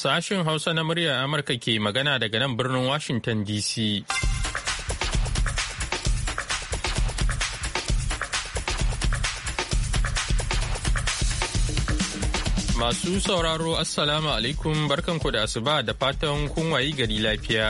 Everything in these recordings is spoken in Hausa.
sashen Hausa na muryar Amurka ke magana daga nan birnin Washington DC. Masu sauraro Assalamu alaikum barkanku da asuba da fatan kun wayi gari lafiya.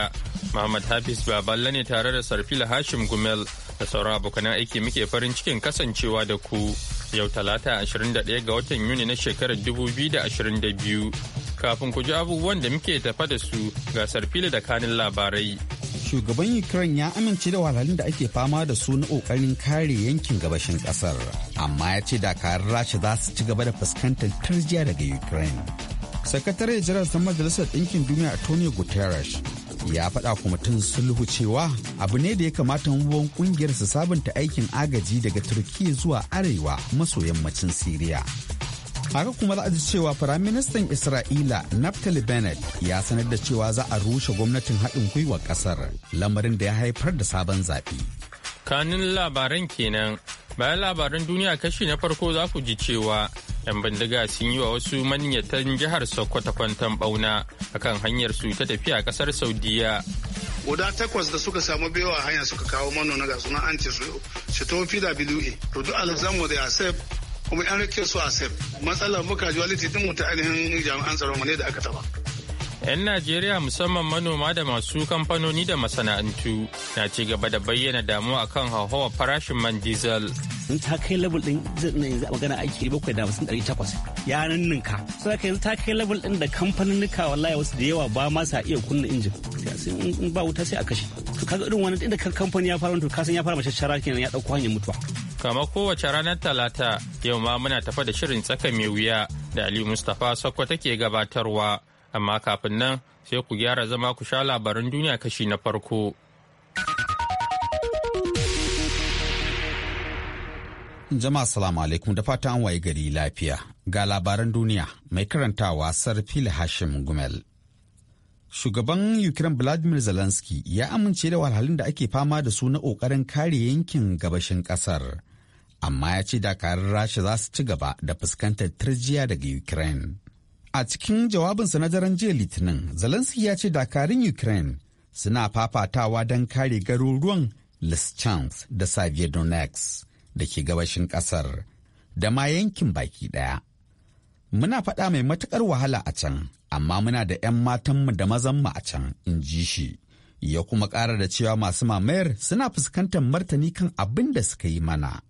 Muhammad Hafiz Baballe ne tare da Sarfila Hashim Gumel da sauran abokanan aiki muke farin cikin kasancewa da ku yau talata 21 ga watan Yuni na shekarar 2022. Kafin ku ji abubuwan da muke tafa da su ga sarfili da kanin labarai. Shugaban Ukraine ya amince da wahalhalun da ake fama da su na ƙoƙarin kare yankin gabashin ƙasar, amma ya ce dakarun Rasha za su ci gaba da fuskantar tarjiya daga Ukraine. Sakatare jiran ta Majalisar Ɗinkin Duniya Antonio Guterres ya faɗa tun sulhu cewa abu ne da ya kamata mabuwan kungiyar su sabunta aikin agaji daga Turkiyya zuwa arewa maso yammacin siriya haka kuma za a ji cewa firaministan isra'ila naftali bennett ya sanar da cewa za a rushe gwamnatin haɗin gwiwa ƙasar lamarin da ya haifar da sabon zaɓe kanin labaran kenan bayan labaran duniya kashi na farko za ku ji cewa 'yan bindiga sun yi wa wasu manyatan jihar sokoto kwantan bauna akan hanyar su ta tafiya ƙasar saudiya guda takwas da suka samu bewa hanya suka kawo manona ga suna an ce su to fida bilu'e to alexander da kuma yan rikin su a sir matsalar muka juwaliti din mu ta ainihin jami'an tsaron wani da aka taba. 'Yan Najeriya musamman manoma da masu kamfanoni da masana'antu na ci gaba da bayyana damuwa akan hauhawar farashin man diesel. in ta kai level din na yanzu a magana aiki bakwai da hamsin ɗari takwas ya ninninka su ka yanzu ta kai level din da kamfaninnika wallahi wasu da yawa ba ma sa iya kunna injin in ba wuta sai a kashe to kaga irin wani inda kamfani ya fara to kasan ya fara mace shara kenan ya ɗauko hanyar mutuwa Kama kowace ranar Talata, yau ma muna tafa da shirin tsaka mai wuya da Ali Mustapha Sakwa take gabatarwa, amma kafin nan sai ku gyara zama ku sha labarin duniya kashi na farko. Jama'a salamu alaikum da fata an waye gari lafiya. Ga labaran duniya mai karantawa Sarfil Hashim Gumel. Shugaban Ukraine Vladimir Zelensky ya amince da wahalhalun da ake fama da su na ƙoƙarin kare yankin gabashin kasar. amma ya ce dakarun rasha za su ci gaba da fuskantar turjiya daga ukraine a cikin jawabinsa na daren jiya litinin zelensky ya ce dakarun ukraine suna fafatawa don kare garuruwan lischans da saviodonex da ke gabashin kasar da ma yankin baki daya muna faɗa mai matuƙar wahala a can amma muna da 'yan matanmu da mazanmu a can in ji shi ya kuma ƙara da cewa masu mamayar suna fuskantar martani kan abin da suka yi mana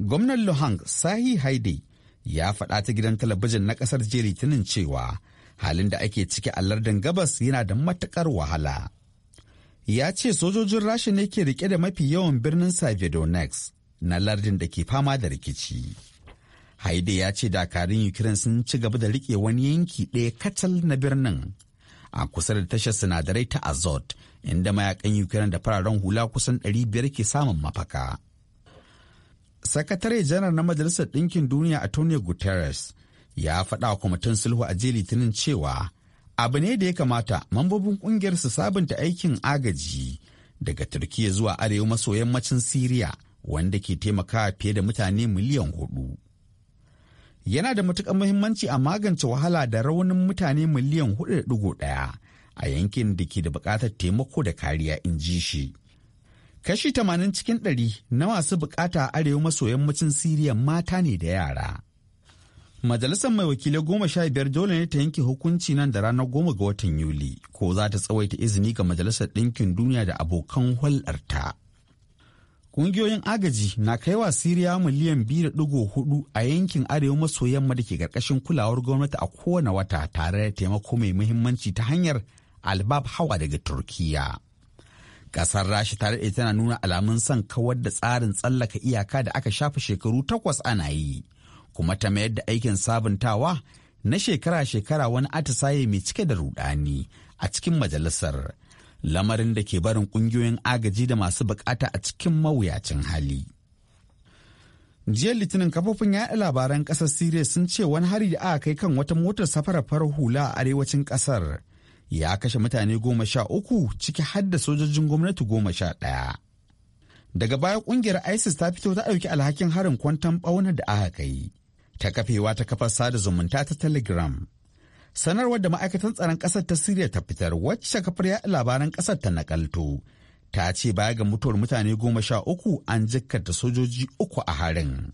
Gwamnan Luhang, Sahi Haide ya faɗa ta gidan talabijin na ƙasar jiya Litinin cewa halin da ake ciki a lardin gabas yana da matuƙar wahala. Ya ce sojojin Rasha ne ke rike da mafi yawan birnin savidonex na lardin da ke fama da rikici. Haide ya ce dakarun Ukraine sun ci gaba da rike wani yanki ɗaya kacal na birnin a kusa da tashar sinadarai ta Azot inda mayakan Ukraine da fararen hula kusan ɗari biyar ke samun mafaka. sakatare janar na majalisar ɗinkin duniya antonio guterres ya faɗa kwamitin sulhu a jiya litinin cewa abu ne da ya kamata mambobin ƙungiyar su sabunta aikin agaji daga Turkiyya zuwa arewa maso yammacin siriya wanda ke taimakawa fiye da mutane miliyan hudu yana da matuƙar muhimmanci a magance wahala da raunin mutane miliyan hudu da ɗaya a yankin da ke da buƙatar taimako da kariya in ji shi Kashi tamanin cikin ɗari na masu bukata a arewa maso yammacin Siriya mata ne da yara. Majalisar mai wakilai goma sha biyar dole ne ta yanke hukunci nan da ranar goma ga watan Yuli ko za ta tsawaita izini ga Majalisar Ɗinkin Duniya da abokan hulɗarta. Ƙungiyoyin agaji na kaiwa Siriya miliyan biyu da hudu a yankin arewa maso yamma da ke ƙarƙashin kulawar gwamnati a kowane wata tare da taimako mai muhimmanci ta hanyar albab hawa daga Turkiyya. gasar Rasha ta daɗe tana nuna alamun son kawar da tsarin tsallaka iyaka da aka shafa shekaru takwas ana yi, kuma ta mayar da aikin sabuntawa na shekara-shekara wani atisaye mai cike da rudani a cikin majalisar, lamarin da ke barin ƙungiyoyin agaji da masu bukata a cikin mawuyacin hali. jiya litinin kafofin yaɗa labaran ƙasar siriya sun ce wani hari da aka kai kan wata motar safarar farar hula a arewacin ƙasar ya kashe mutane goma sha uku ciki har sojojin gwamnati goma sha ɗaya. Daga baya kungiyar ISIS ta fito ta ɗauki alhakin harin kwantan ɓauna da aka kai. Ta kafewa ta kafar sada zumunta ta Telegram. Sanarwar da ma'aikatan tsaron ƙasar ta Siriya ta fitar wacce kafar yaɗa labaran ƙasar ta nakalto. Ta ce baya ga mutuwar mutane goma sha uku an jikkata sojoji uku a harin.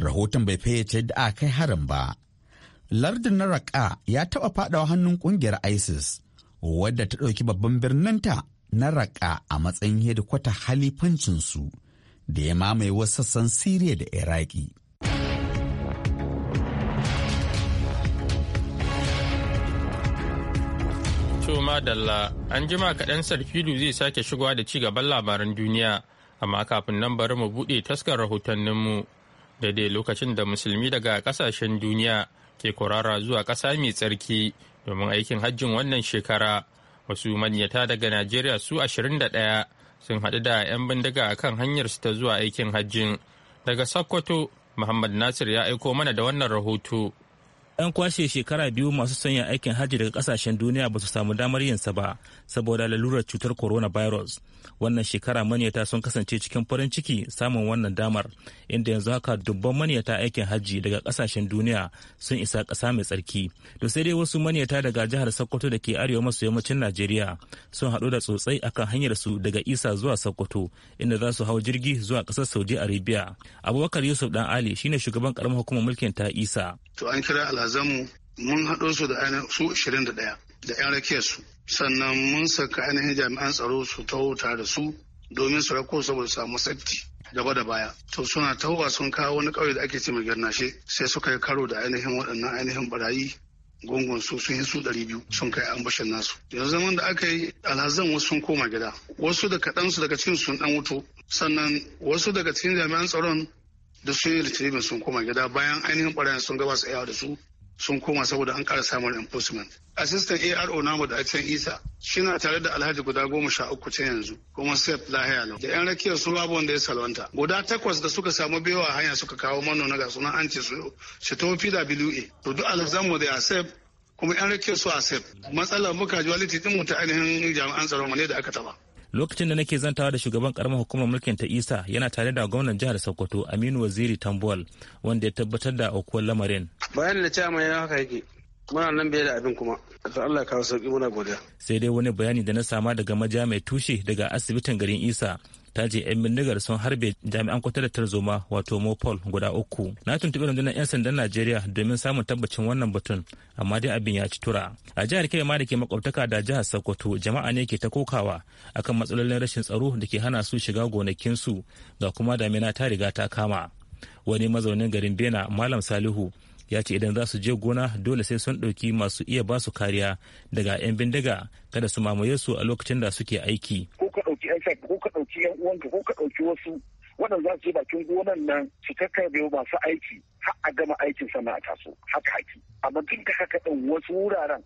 Rahoton bai fayyace da aka kai harin ba. lardin na raƙa ya taɓa faɗawa hannun ƙungiyar isis wadda ta ɗauki babban birninta na raka a matsayin hedikwata halifancinsu da ya mamaye wasu sassan siriya da iraki Toma Dalla, an jima kaɗan Sarfilu zai sake shigowa da ci gaban labaran duniya, amma kafin nan bari mu buɗe taskar rahotanninmu. dai lokacin da musulmi daga ƙasashen duniya ke kurara zuwa ƙasa mai tsarki domin aikin hajjin wannan shekara wasu manyata daga najeriya su 21 sun haɗu da 'yan bindiga a kan hanyarsu ta zuwa aikin hajjin daga sokoto muhammad nasir ya aiko mana da wannan rahoto 'yan kwashe shekara biyu masu sanya aikin hajji daga kasashen duniya ba su samu damar yinsa ba saboda lalurar cutar coronavirus wannan shekara maniyata sun kasance cikin farin ciki samun wannan damar inda yanzu haka dubban manyata aikin hajji daga kasashen duniya sun isa ƙasa mai tsarki to sai dai wasu manyata daga jihar sokoto da ke arewa maso yammacin najeriya sun haɗu da tsotsai akan hanyar su daga isa zuwa sokoto inda za su hau jirgi zuwa ƙasar saudi arabia abubakar yusuf dan ali shine shugaban karamar hukumar mulkin ta isa to an kira alhazamu mun haɗo su da ainihin su 21 da 'yan rakiyar su sannan mun saka ainihin jami'an tsaro su taho da su domin su rako saboda samu safety gaba da baya to suna tahowa sun kawo wani ƙauye da ake ce mai garnashe sai suka yi karo da ainihin waɗannan ainihin barayi gungun su sun yi su ɗari biyu sun kai ambashin nasu yanzu zaman da aka yi alhazan wasu sun koma gida wasu da su daga cikin sun ɗan wuto sannan wasu daga cikin jami'an tsaron da sun yi retrieving sun koma gida bayan ainihin barayin sun gaba su da su sun koma saboda an ƙara samun enforcement assistant aro namu da action isa shi na tare da alhaji guda goma sha uku ta yanzu kuma sef lahiya da yan rakiyar su babu wanda ya salwanta guda takwas da suka samu bewa hanya suka kawo manona ga sunan an ce su shi to pwa to duk alexander da asef kuma yan rakiyar su a matsalar muka ji waliti mu ta ainihin jami'an tsaron ne da aka taba lokacin da nake zantawa da shugaban karamar hukumar mulkin ta isa yana tare da gwamnan jihar sokoto aminu waziri tambuwal wanda ya tabbatar da aukuwar lamarin bayan da cewa ya haka yake muna nan bai da abin kuma da Allah kawo sauki muna godiya sai dai wani bayani da na sama daga maja mai tushe daga asibitin garin isa ta ce 'yan bindigar sun harbe jami'an kwata da tarzoma wato mopol guda uku na tuntuɓi rundunar 'yan sandan najeriya domin samun tabbacin wannan batun amma dai abin ya ci tura a jihar kebbi ma da ke makwabtaka da jihar sokoto jama'a ne ke ta kokawa akan matsalolin rashin tsaro da ke hana su shiga gonakinsu ga kuma damina ta riga ta kama wani mazaunin garin bena malam salihu ya ce idan za su je gona dole sai sun ɗauki masu iya ba su kariya daga 'yan bindiga kada su mamaye su a lokacin da suke aiki yan ko ka ɗauki yan uwanka ko ka ɗauki wasu waɗanda za su je bakin gonan nan su da masu aiki har a gama aikin sana'a a taso haka haki amma duk da haka ɗan wasu wuraren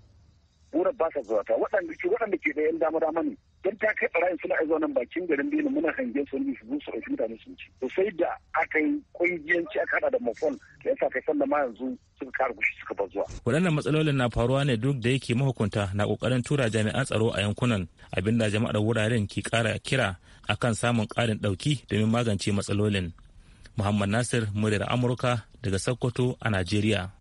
wurin ba sa zuwa ta waɗanda ke waɗanda ke da yan dama dama ne don ta kai ɓarayin suna aizuwa nan bakin garin benin muna hange su ne su su ɗauki mutane sun ci to sai da aka yi ƙungiyanci aka haɗa da mafon da yasa kai sanda ma yanzu suka kara gushi suka bar zuwa. waɗannan matsalolin na faruwa ne duk da yake mahukunta na kokarin tura jami'an tsaro a yankunan abinda jama'ar wuraren ke kara kira akan samun karin ɗauki domin magance matsalolin. Muhammad Nasir, muryar Amurka daga Sokoto a Najeriya.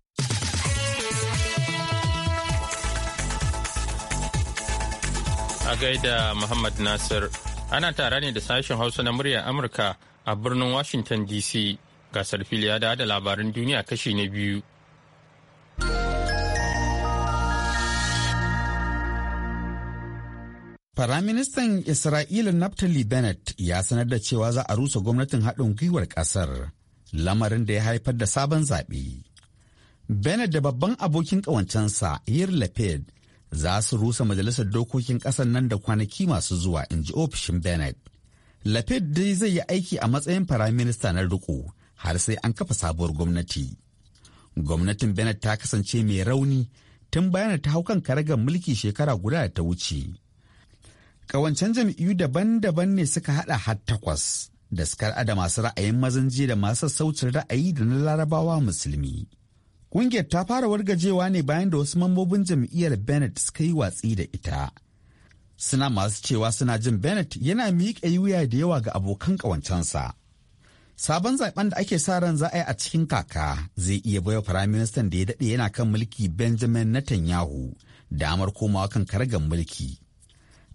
A gaida Muhammad Nasir, ana tara ne da sashen Hausa na muryar Amurka a birnin Washington DC. Gasar filiya da da labarin duniya kashi na biyu. Firaministan Isra'ila Naftali Bennett ya sanar da cewa za a rusa gwamnatin haɗin gwiwar ƙasar, lamarin da ya haifar da sabon zaɓe. Bennett da babban abokin ƙawancensa Yir Lapid za su rusa majalisar dokokin ƙasar nan da kwanaki masu zuwa in ji ofishin bennett lafid dai zai yi aiki a matsayin firaminista na riko har sai an kafa sabuwar gwamnati gwamnatin bennett ta kasance mai rauni tun bayan ta hau kan karagar mulki shekara guda da ta wuce ƙawancen jam'iyyu daban-daban ne suka hada har takwas da suka da masu ra'ayin mazanje da masu saucin ra'ayi da na larabawa musulmi Ƙungiyar ta fara wargajewa ne bayan da wasu mambobin jam'iyyar Bennett suka yi watsi da ita. Suna masu cewa suna jin Bennett yana miƙa wuya da yawa ga abokan ƙawancensa. Sabon zaben da ake sa ran za a yi a cikin kaka zai iya baiwa firaministan da ya daɗe yana kan mulki Benjamin Netanyahu damar komawa kan karagar mulki.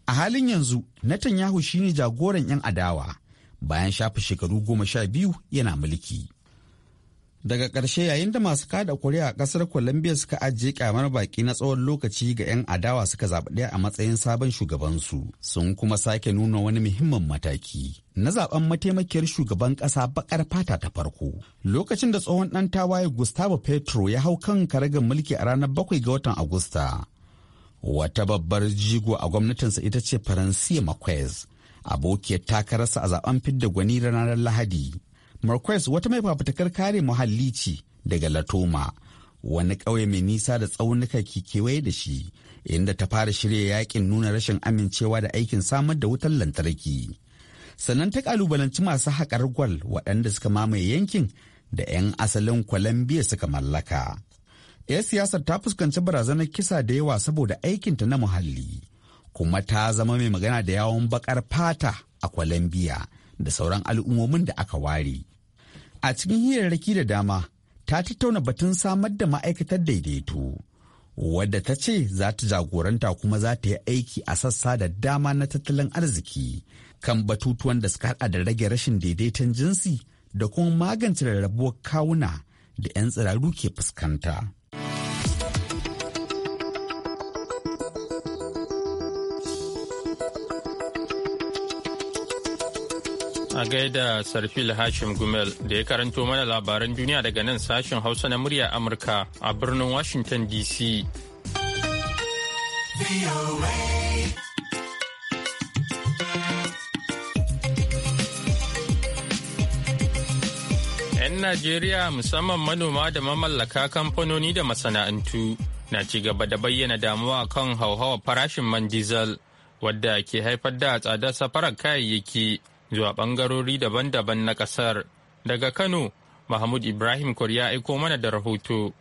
A halin yanzu, Netanyahu shine jagoran 'yan adawa bayan shafe shekaru goma sha biyu yana mulki. daga ƙarshe yayin da masu kada kuri'a a ƙasar colombia suka ajiye kyamar baki na tsawon lokaci ga 'yan adawa suka zaɓi ɗaya a matsayin sabon shugabansu sun kuma sake nuna wani muhimmin mataki na zaɓen mataimakiyar shugaban ƙasa baƙar fata ta farko lokacin da tsohon ɗan tawaye gustavo petro ya hau kan karagar mulki a ranar bakwai ga watan agusta wata babbar jigo a gwamnatinsa ita ce faransiya marquez abokiyar takararsa a zaɓen fidda gwani ranar lahadi marquez wata mai fafutukar kare muhalli ce daga latoma wani ƙauye mai nisa da tsaunuka ke kewaye da shi inda ta fara shirya yakin nuna rashin amincewa da aikin samar da wutar lantarki sannan ta kalubalanci masu haƙar gwal waɗanda suka mamaye yankin da 'yan asalin kwalambiya suka mallaka. 'yan siyasar ta fuskanci barazanar kisa da yawa saboda aikinta na muhalli kuma ta zama mai magana da yawon baƙar fata a kwalambiya da sauran al'ummomin da aka ware a cikin hirarraki da dama ta tattauna batun samar da ma'aikatar daidaito wadda ta ce za ta jagoranta kuma za ta yi aiki a sassa da dama na tattalin arziki kan batutuwan da suka hada da rage rashin daidaiton jinsi da kuma magance rarrabuwar kawuna da 'yan tsiraru ke fuskanta. A gaida Sarfil Hashim Gumel da ya karanto mana labaran duniya daga nan sashen Hausa na murya Amurka a birnin Washington DC. ‘Yan Najeriya musamman manoma da mamallaka kamfanoni da masana'antu na ci gaba da bayyana damuwa kan hauhawar farashin man diesel wadda ke haifar da tsadar safarar kayayyaki zuwa bangarori daban-daban na kasar. Daga Kano, Mahmud Ibrahim ya aiko mana da rahoto.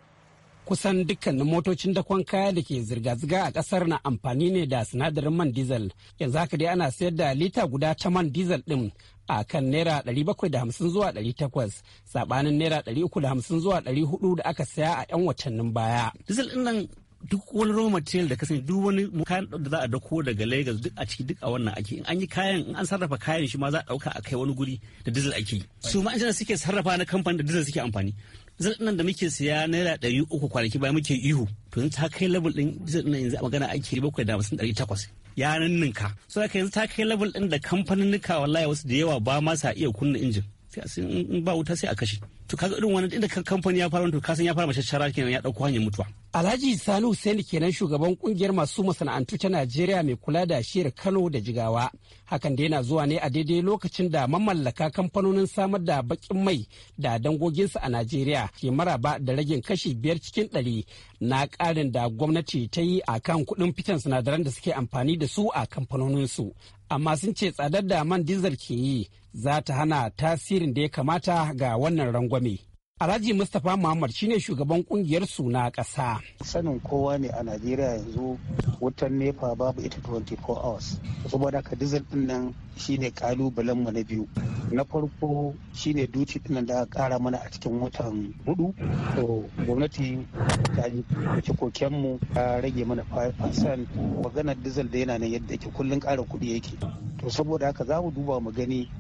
Kusan dukkanin motocin dakon kaya da ke zirga-zirga a kasar na amfani ne da sinadarin man diesel. Yanzu haka dai ana sayar da lita guda ta man diesel ɗin a kan naira 750 zuwa 800 sabanin naira 350 zuwa 400 da aka saya a 'yan watannin baya. Diesel ɗin nan duk wani raw material da kasance duk wani kayan da za a dauko daga Lagos duk a ciki duk a wannan ake in an yi kayan in an sarrafa kayan shi ma za a dauka a kai wani guri da diesel ake yi su ma injina suke sarrafa na kamfani da diesel suke amfani diesel nan da muke siya naira ɗari uku kwanaki bayan muke ihu to yanzu ta kai level din diesel din yanzu a magana ake bakwai da hamsin ɗari takwas ya ninka so kai yanzu ta kai level din da kamfanin nuka wallahi wasu da yawa ba ma sa iya kunna injin sai in ba wuta sai a kashe to kaga irin wannan inda kamfani ya fara to san ya fara mace shara kenan ya dauko hanyar mutuwa Alhaji Sani Hussein kenan shugaban kungiyar masu masana'antu ta Najeriya mai kula da shiyar Kano da Jigawa hakan da yana zuwa ne a daidai lokacin da mamallaka kamfanonin samar da bakin mai da dangoginsa a Najeriya ke maraba da ragin kashi biyar cikin ɗari na ƙarin da gwamnati ta yi a kan kuɗin fitan sinadaran da suke amfani da su a kamfanoninsu amma sun ce tsadar da man dizal ke yi za ta hana tasirin da ya kamata ga wannan rangwame. Alhaji Mustapha Muhammad shine shugaban kungiyar suna ƙasa. Sanin kowa ne a Najeriya yanzu wutan nepa babu ita 24 hours. Saboda ka dizal din nan shine kalubalen mu na biyu. Na farko shine duci din nan da aka kara mana a cikin watan hudu. To gwamnati ta ji koken mu ta rage mana 5% maganar dizal da yana nan yadda yake kullun kara kuɗi yake. To saboda haka za mu duba mu gani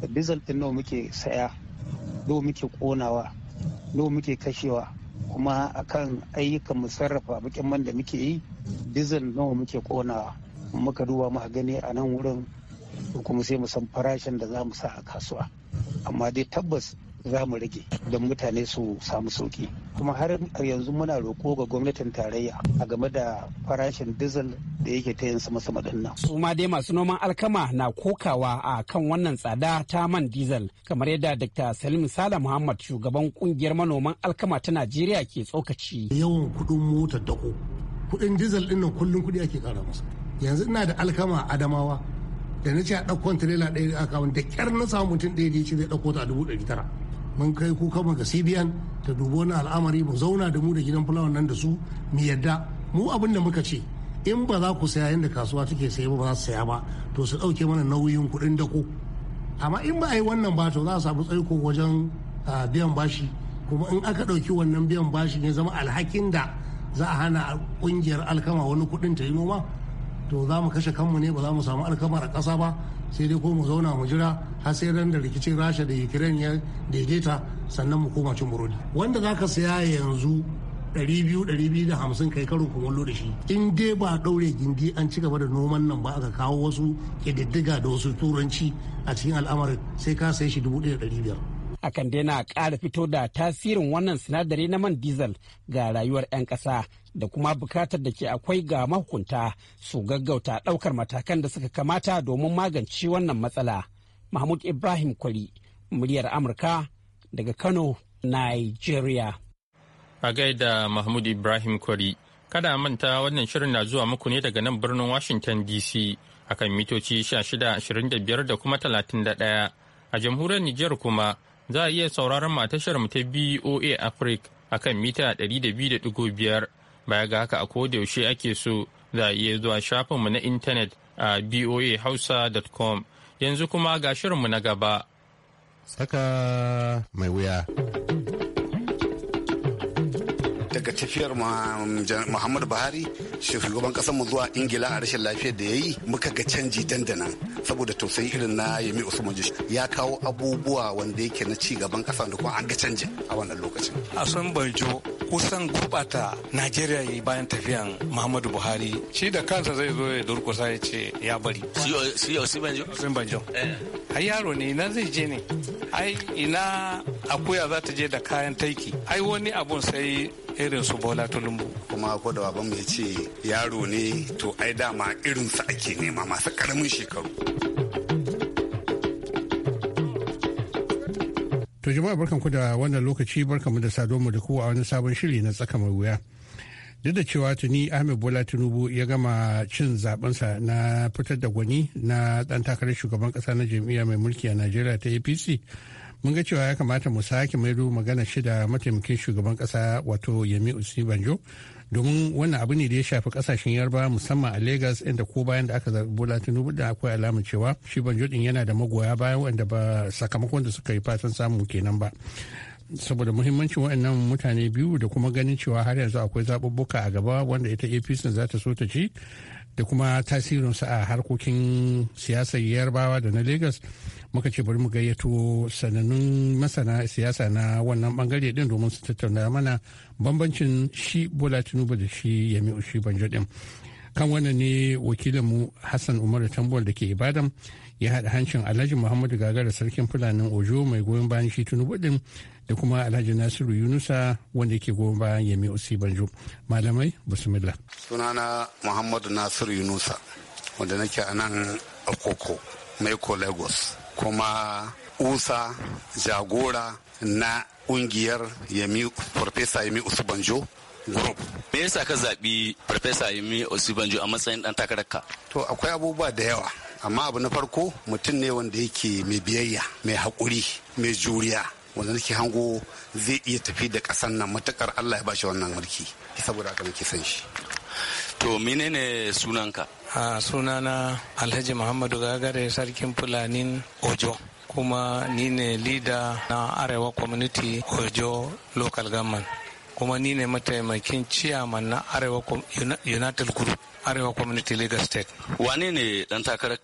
dizal din nawa muke saya nawa muke konawa nawa muke kashewa kuma akan ayyukan mu sarrafa bakin man da muke yi dizal nawa muke konawa muka duba mu gani a nan wurin kuma sai mu san farashin da za mu sa a kasuwa amma dai tabbas za mu rage don mutane su samu sauki kuma har yanzu muna roko ga gwamnatin tarayya a game da farashin dizal da yake ta yin sama sama dinnan. su ma dai masu noman alkama na kokawa a kan wannan tsada ta man dizal kamar yadda dr salim sala muhammad shugaban kungiyar manoman alkama ta najeriya ke tsokaci yawan kuɗin mota dako kuɗin dizal ɗinnan kullum kuɗi ake ƙara masa yanzu ina da alkama adamawa da na ce a ɗaukon tirela ɗaya a wani da ƙyar na samu mutum ɗaya da ya ce zai ɗauko ta a dubu ɗari tara mun kai kuka mu ga cbn ta dubo wani al'amari mu zauna da mu da gidan fulawan nan da su mu yadda mu abin da muka ce in ba za ku saya yadda kasuwa take saye ba ba za su saya ba to su ɗauke mana nauyin kuɗin dako amma in ba a yi wannan ba to za a samu tsaiko wajen biyan bashi kuma in aka ɗauki wannan biyan bashi ne zama alhakin da za a hana ƙungiyar alkama wani kuɗin ta yi noma to za mu kashe kanmu ne ba za mu samu alkama a ƙasa ba sai dai ko mu zauna mu jira har sai ran da rikicin rasha da ukraine ya daidaita sannan mu koma cin burodi wanda za zaka saya yanzu 200-250 kai karin kumallo da shi in dai ba ɗaure gindi an ci gaba da noman nan ba aka kawo wasu ƙididdiga da wasu turanci a cikin al'amarin sai ka sai shi 1,500 hakan dai na kara fito da tasirin wannan sinadari na man diesel ga rayuwar 'yan ƙasa da kuma bukatar da ke akwai ga mahukunta su gaggauta ɗaukar matakan da suka kamata domin magance wannan matsala. Mahmud Ibrahim Kwari, muryar Amurka daga Kano, Nigeria. A gaida Mahmud Ibrahim Kwari, kada manta wannan shirin na zuwa muku ne daga nan birnin Washington DC akan mitoci 1625 da kuma 31 a jamhuriyar Nijar kuma za a iya sauraron matashar mu ta BOA Africa akan mita 200.5 Baya ga haka a yaushe ake so za a iya zuwa shafinmu na intanet a boahausa.com. Yanzu kuma ga shirinmu na gaba. Saka mai wuya. daga tafiyar mm, muhammadu buhari shugaban kasar mu zuwa ingila a rashin lafiyar da ya yi muka ga canji dandanan saboda tausayi irin na yami usman ya kawo abubuwa wanda yake na ci gaban kasa da kuma an ga canjin a wannan lokacin a son banjo kusan gubata najeriya yi bayan tafiyan muhammadu buhari shi da kansa zai zo ya durkusa ya ce ya bari shi banjo banjo eh. yaro ne ina zai je ne ai ina akuya za ta je da kayan taiki ai wani abun sai irin su bola tulumbu kuma ko da baban mai ce yaro ne to ai dama irin su ake nema masu karamin shekaru to jama'a barkanku da wannan lokaci barkanmu da mu da kowa a wani sabon shiri na tsaka mai wuya duk da cewa tuni ahmed bola tinubu ya gama cin zabensa na fitar da gwani na dan takarar shugaban kasa na jam'iyya mai mulki a najeriya ta apc mun ga cewa ya kamata mu sake ru magana shida mataimakin shugaban kasa wato yami banjo domin wannan abu ne da ya shafi kasashen yarba musamman a lagos inda ko bayan da aka zaɓi bola tinubu da akwai alamun cewa shi banjo din yana da magoya bayan wanda ba sakamakon da suka yi fatan samu kenan ba saboda muhimmancin waɗannan mutane biyu da kuma ganin cewa har yanzu akwai zaɓuɓɓuka a gaba wanda ita apc za ta so ta ci da kuma tasirinsu a harkokin siyasar yarbawa da na lagos muka ce bari mu gayyato sanannun masana siyasa na wannan bangare din domin su tattauna mana bambancin shi bola tinubu da shi yami ushi banjo din kan wannan ne wakilinmu hassan umaru tambol da ke ibadan ya haɗa hancin alhaji muhammadu gagara sarkin fulanin ojo mai goyon bayan shi tinubu din da kuma alhaji nasiru yunusa wanda ke goyon bayan yami usi banjo malamai bismillah sunana muhammadu nasiru yunusa wanda nake a nan a koko mai lagos kuma usa jagora na kungiyar yami farfesa yami usubanjo group me yasa ka zaɓi farfesa yami usubanjo a matsayin ɗan takararka to akwai abubuwa da yawa amma abu na farko mutum ne wanda yake mai biyayya mai haƙuri mai juriya wanda nake hango zai iya tafi da ƙasan nan matukar allah ya bashi wannan mulki saboda haka nake san shi To menene sunanka? A sunana Alhaji Muhammadu Gagare sarkin Fulanin Ojo. kuma ni ne leader na arewa community ojo local government kuma ni ne mataimakin ciyaman na arewa united group arewa community legal state wane ne dan takarar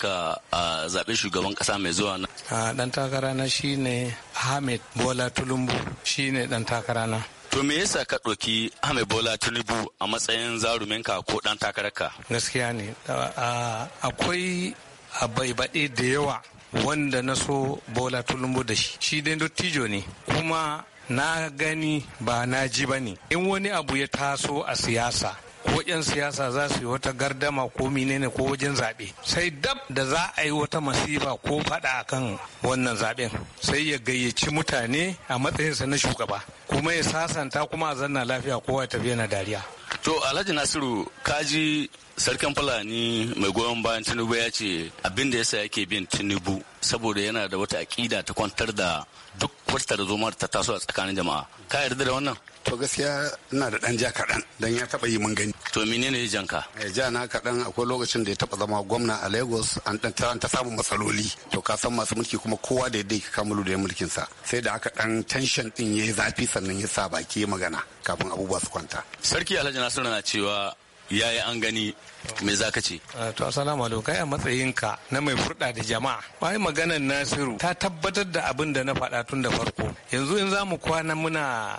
a zaɓen shugaban ƙasa mai zuwa na dan takara na shine ahmed bola tulumbu shine dan takara na To me yasa ka ɗauki Ahmed Bola Tinubu a matsayin zarumin ka ko ɗan takararka? Gaskiya ne. Akwai abaibaɗe da yawa wanda na so Bola Tinubu da shi. Shi dai dottijo ne. Kuma na gani ba na ji ba ne. In wani abu ya taso a siyasa ko 'yan siyasa za su yi wata gardama ko menene ko wajen zaɓe sai dab da za a yi wata masifa ko faɗa a kan wannan zaɓen sai ya gayyaci mutane a matsayinsa na shugaba kuma ya sasanta kuma a zanna lafiya kowa ya tafi yana dariya to alhaji nasiru kaji sarkin fulani mai goyon bayan tinubu ya ce abin da yasa yake bin tinubu saboda yana da wata aƙida ta kwantar da duk wata da tarzoma ta taso a tsakanin jama'a ka yarda da wannan to gaskiya ina da ɗan ja kaɗan dan ya taɓa yi mun gani to menene janka eh, ja na kaɗan akwai lokacin da ya taba zama gwamna a lagos an ɗan ta samun matsaloli to ka san masu mulki kuma kowa da yadda yake kamulu da mulkin sa sai da aka ɗan tension ɗin ya yi zafi sannan ya sa baki magana kafin abubuwa su kwanta sarki alhaji nasiru na cewa ya yi an gani me za ka ce? Ah, to assalamu alaikum kai a matsayinka na mai furda da jama'a. Bai maganar Nasiru ta tabbatar da abin da na faɗa tun da farko. Yanzu in za mu kwana muna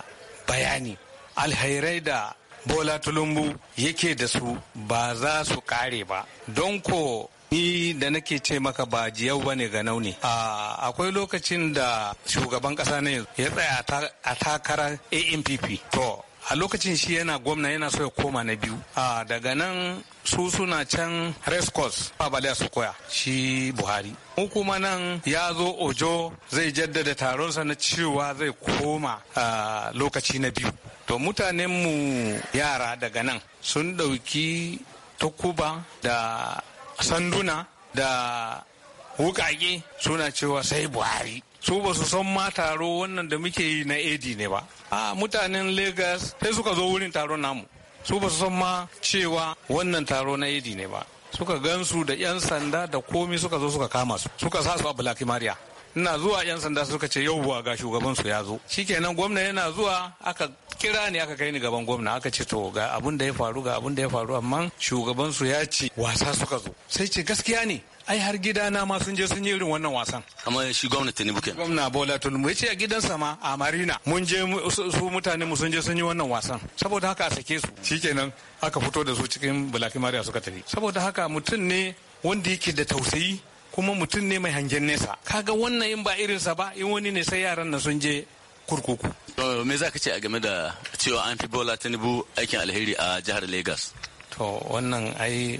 bayani alhairai da Bola Tulumbu yake da su ba za su kare ba. Don ko ni da nake ce maka ba jiyau ba ne ga nauni ah, akwai lokacin da shugaban kasa ne ya tsaya a takarar ampp to a lokacin shi yana gwamna yana so ya koma na biyu a daga nan su suna can rescos course babaliya su koya shi buhari mu kuma nan ya zo ojo zai jaddada taronsa na cewa zai koma a lokaci na biyu to mutanenmu yara daga nan sun ɗauki takuba da sanduna da wukake suna cewa sai buhari su ba su san ma taro wannan da muke yi na Edine ne ba a mutanen lagos sai suka zo wurin taron namu su ba su san ma cewa wannan taro na Edine ne ba suka gansu da 'yan sanda da komi suka zo suka kama su suka sa su a Black mariya ina zuwa 'yan sanda suka ce yau buwa ga shugaban su ya zo shikenan gwamna yana zuwa aka kira ne aka kai ni gaban gwamna aka ce to ga abun da ya faru ga abun da ya faru amma shugaban su ya ce wasa suka zo sai ce gaskiya ne ai har gidana ma sun je sun yi irin wannan wasan kamar shi gwamnati ne buken gwamna bola tinubu ya ce a gidansa ma a marina mun je su mutane mu sun je sun yi wannan wasan saboda haka a sake su shikenan aka fito da su cikin bulaki mariya suka tafi saboda haka mutum ne wanda yake da tausayi kuma mutum ne mai hangen nesa kaga wannan in ba irin irinsa ba in wani ne sai yaran na sun je kurkuku. me za ka ce a game da cewa an fi bola tinubu aikin alheri a jihar lagos to wannan ai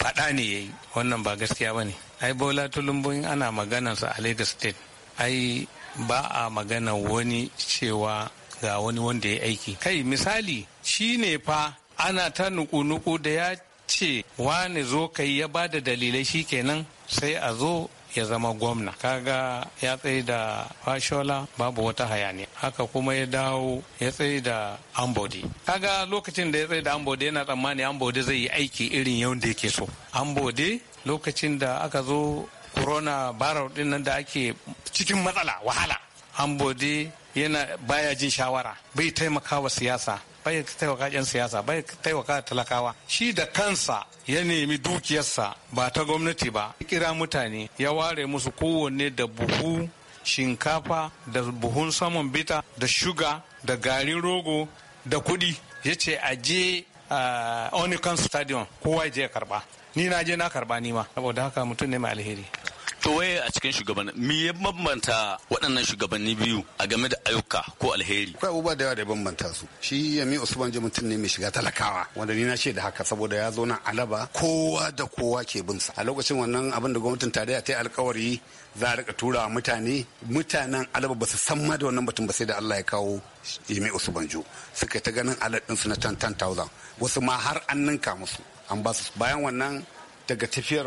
faɗa ne ya yi wannan ba gaskiya ba ne ai bola tulumbu in ana maganarsa a lagos state ai ba a magana wani cewa ga wani wanda ya aiki kai misali shi ne fa ana ta nuku-nuku da ya ce wani zo kai ya ba da dalilai kenan sai a zo ya zama gwamna kaga ya tsaye da fashola babu wata hayaniya haka kuma ya dawo ya tsaye da ambodi kaga lokacin da ya tsaye da ambodi yana tsammani ambodi zai yi aiki irin da yake so ambodi lokacin da aka zo corona barau din nan da ake cikin matsala wahala ambodi yana baya jin shawara bai taimakawa siyasa bai taimaka yan siyasa bai taimaka talakawa shi da kansa ya nemi dukiyarsa ba ta gwamnati ba kira mutane ya ware musu kowanne da buhu shinkafa da buhun saman bita da shuga da garin rogo da kudi. ya ce a je a stadium kowa ya je karba ni na je na karba ni ma saboda haka mutum ne mai alheri To waye a cikin shugaban mi ya bambanta waɗannan shugabanni biyu a game da ayyuka ko alheri? Akwai abubuwa da yawa da bambanta su. Shi Yami Usman mutum ne mai shiga talakawa wanda ni na ce da haka saboda ya zo nan alaba kowa da kowa ke bin sa. A lokacin wannan abin da gwamnatin tarayya ta yi alkawari za a rika turawa mutane mutanen alaba ba su san ma da wannan batun ba sai da Allah ya kawo Yami Usman suka ta ganin alaɗinsu ɗinsu na 10,000 wasu ma har an ninka musu an ba su bayan wannan daga tafiyar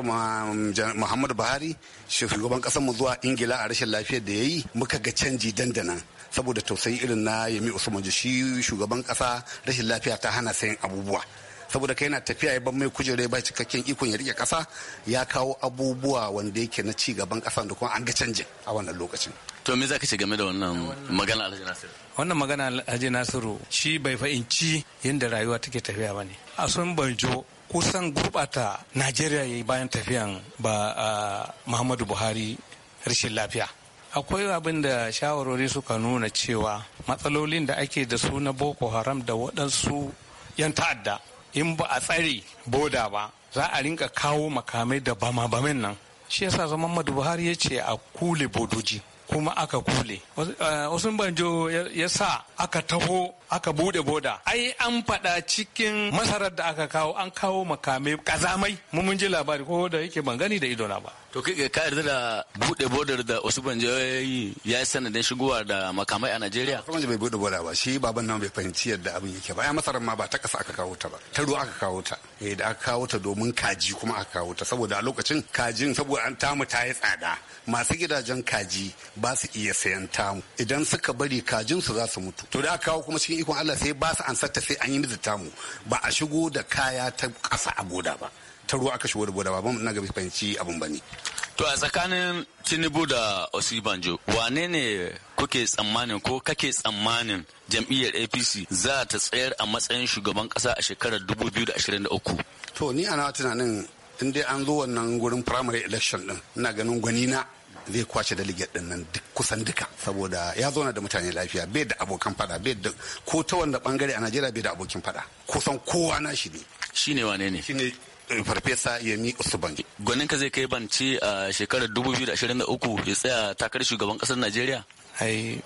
Muhammadu Buhari shugaban kasar mu zuwa Ingila a rashin lafiyar da ya yi muka ga canji dandana saboda tausayi irin na Yemi Usman shi shugaban kasa rashin lafiya ta hana sayan abubuwa saboda kai yana tafiya ya ban mai kujerai ba cikakken ikon ya rike kasa ya kawo abubuwa wanda yake na ci gaban kasa da kuma an ga canjin a wannan lokacin to me zaka ce game da wannan magana Alhaji Nasiru wannan magana Alhaji Nasiru shi bai fahimci yadda rayuwa take tafiya bane a sun banjo kusan gurɓata najeriya ya yi bayan tafiyan ba muhammadu buhari rashin lafiya akwai abin da shawarwari suka nuna cewa matsalolin da ake da su na boko haram da waɗansu 'yan ta'adda in ba a tsare boda ba za a rinka kawo makamai da bama bamin nan shi yasa zama madu buhari ya ce a kule bodoji kuma aka kule wasu banjo ya sa aka taho aka bude boda ai an faɗa cikin masarar da aka kawo an kawo makame kazamai mun ji labari ko da yake ban gani da na ba to kai ka yarda da bude bodar da Usman Jawayi ya yi sanadin shigowa da makamai a Najeriya Usman bai bude boda ba shi baban nan bai fahimci yadda abin yake ba ai masarar ma ba ta kasa aka kawo ta ba ta ruwa aka kawo ta eh da aka kawo ta domin kaji kuma aka kawo ta saboda a lokacin kajin saboda an tamu ta yi tsada masu gidajen kaji ba su iya sayan tamu idan suka bari kajin su za su mutu to da aka kawo kuma cikin ikon Allah sai ba su ansarta sai an yi mizi mu ba a shigo da kaya ta ƙasa a boda ba ta ruwa aka shigo da goda ba ba na gabi fahimci abin ba ne. To a tsakanin Tinubu da Osibanjo wane ne kuke tsammanin ko kake tsammanin jam'iyyar APC za ta tsayar a matsayin shugaban ƙasa a shekarar 2023? To ni ana tunanin in dai an zo wannan gurin primary election din ina ganin gwanina zai kwace delegate din nan duk kusan duka saboda ya zauna da mutane lafiya bai da abokan fada bai da ko ta wanda bangare a Najeriya bai da abokin fada kusan kowa na shi ne Shi ne wane ne ne eh, farfesa yemi usubangi gwanin ka zai kai banci a shekarar 2023 ya tsaya takarar shugaban kasar najeriya ai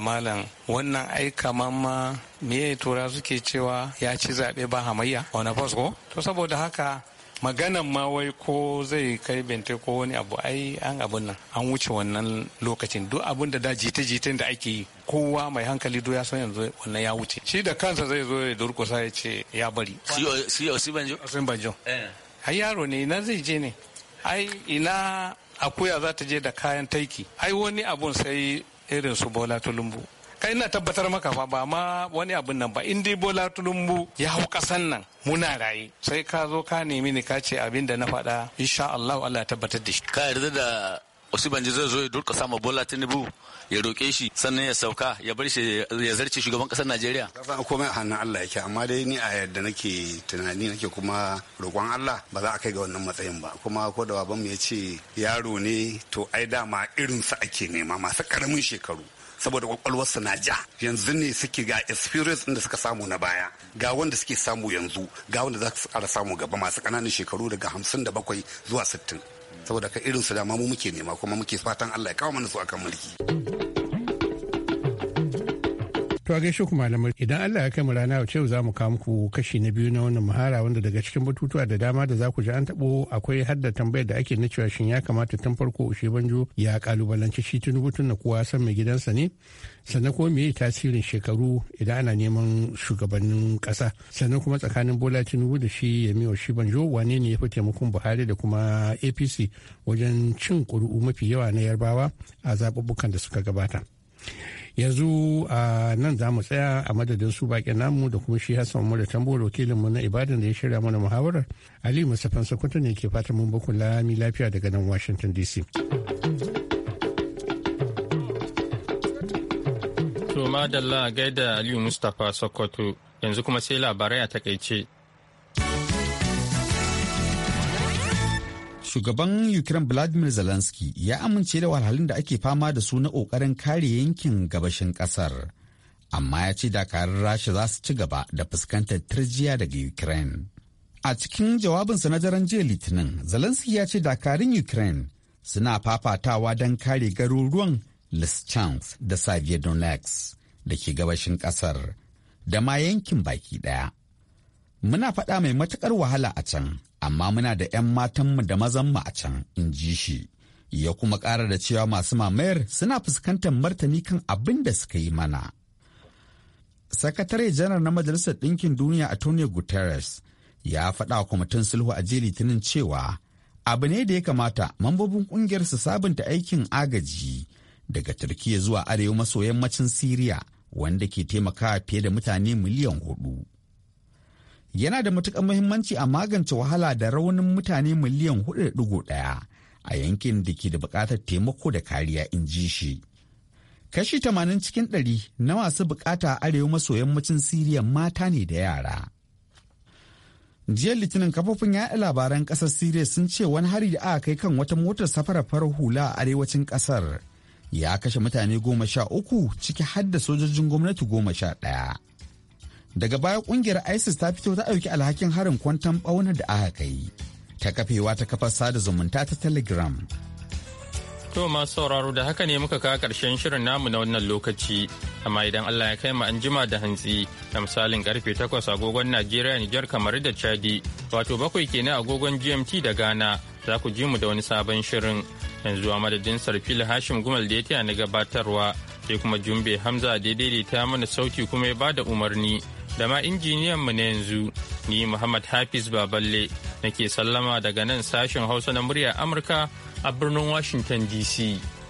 malam wannan ai Me ma meye tura suke cewa ya ci zaɓe ba hamayya wani fasko to saboda haka maganan ma wai ko zai kai bente ko wani abu ai an abun nan an wuce wannan lokacin duk abun da da jita-jitan da ake yi kowa mai hankali do ya san yanzu wannan ya wuce shi da kansa zai zo ya durkusa ya ce ya bari shi banjo. eh ai yaro ne ina zai je ne ai ina akuya za ta je da kayan taiki ai wani abun sai irin su bola tulumbu kai na tabbatar maka fa ba ma wani abin nan ba in dai bola tulumbu ya hau kasan nan muna raye sai ka zo ka nemi ni ka ce abin da na faɗa insha Allah Allah ya tabbatar da shi ka yarda da Osibanji zai zo ya durka sama Bola tulumbu ya roke shi sannan ya sauka ya bar shi ya zarce shugaban kasar Najeriya. Kasan komai a hannun Allah yake amma dai ni a yadda nake tunani nake kuma roƙon Allah ba za a kai ga wannan matsayin ba kuma ko da baban mu ya ce yaro ne to ai dama sa ake nema masu karamin shekaru. saboda kwakwalwarsu na ja yanzu ne suke ga experience da suka samu na baya ga wanda suke samu yanzu ga wanda za su ƙara samu gaba masu ƙananan shekaru daga hamsin da bakwai zuwa sittin saboda ka irin su dama mu muke nema kuma muke fatan Allah ya kawo mana su akan mulki. To a gaishe ku malamai idan Allah ya kai mu rana yau za mu kawo muku kashi na biyu na wannan muhara wanda daga cikin batutuwa da dama da za ku ji an tabo akwai hadda tambayar da ake na cewa shin ya kamata tun farko ushe banjo ya kalubalanci shi tun tun na kowa san mai gidansa ne sannan kuma meye tasirin shekaru idan ana neman shugabannin kasa sannan kuma tsakanin Bola Tinubu da shi ya shi banjo wane ne ya fi taimakon Buhari da kuma APC wajen cin ƙuri'u mafi yawa na Yarbawa a zaɓuɓɓukan da suka gabata. yanzu a nan za mu tsaya a madadin su baƙin namu da kuma shi hassan umar tambo mu na ibadan da ya shirya mana muhawarar ali musafan sokoto ne ke fatan mun baku lami lafiya daga nan washington dc to madalla gaida aliyu mustapha sokoto yanzu kuma sai labarai a takaice shugaban ukraine vladimir zelensky ya amince da wahalhalun da ake fama da su na ƙoƙarin kare yankin gabashin ƙasar amma ya ce dakarun rasha za su ci gaba da fuskantar turjiya daga ukraine a cikin jawabinsa na daren jiya litinin zelensky ya ce dakarun ukraine suna fafatawa don kare garuruwan lischansk da donetsk da ke gabashin ƙasar da ma yankin baki ɗaya Muna faɗa mai matuƙar wahala a can, amma muna da 'yan matanmu da mazanmu a can, in ji shi. Ya kuma ƙara da cewa masu mamayar suna fuskantar martani kan abin da suka yi mana. Sakatare janar na Majalisar Ɗinkin Duniya a tony Guterres ya faɗa wa kwamitin sulhu a jiya Litinin cewa abu ne da ya kamata mambobin ƙungiyar su sabunta aikin agaji daga Turkiyya zuwa arewa maso yammacin Siriya wanda ke taimakawa fiye da mutane miliyan hudu. yana da matukar muhimmanci a magance wahala da raunin mutane miliyan 4.1 a yankin da ke da bukatar taimako da kariya in ji shi. Kashi tamanin cikin 100 na masu bukata a arewa maso yammacin Siriya mata ne da yara. Jiya Litinin kafofin yaɗa labaran ƙasar Siriya sun ce wani hari da aka kai kan wata motar safarar farar hula a arewacin ƙasar ya kashe mutane goma sha uku ciki har da sojojin gwamnati goma sha ɗaya. daga baya kungiyar isis ta fito ta ɗauki alhakin harin kwantan ɓauna da aka kai ta kafewa ta kafar sada zumunta ta telegram to masu sauraro da haka ne muka kawo ƙarshen shirin namu na wannan lokaci amma idan allah ya kai mu an jima da hantsi da misalin karfe 8 agogon najeriya niger kamar da chadi wato bakwai kenan agogon gmt da ghana za ku ji mu da wani sabon shirin yanzu a madadin sarfil hashim gumal da ya na gabatarwa sai kuma jumbe hamza daidai da ta mana sauti kuma ya bada umarni da ma injiniyan mu na yanzu ni Muhammad Hafiz Baballe nake sallama daga nan sashen Hausa na muryar Amurka a birnin Washington DC.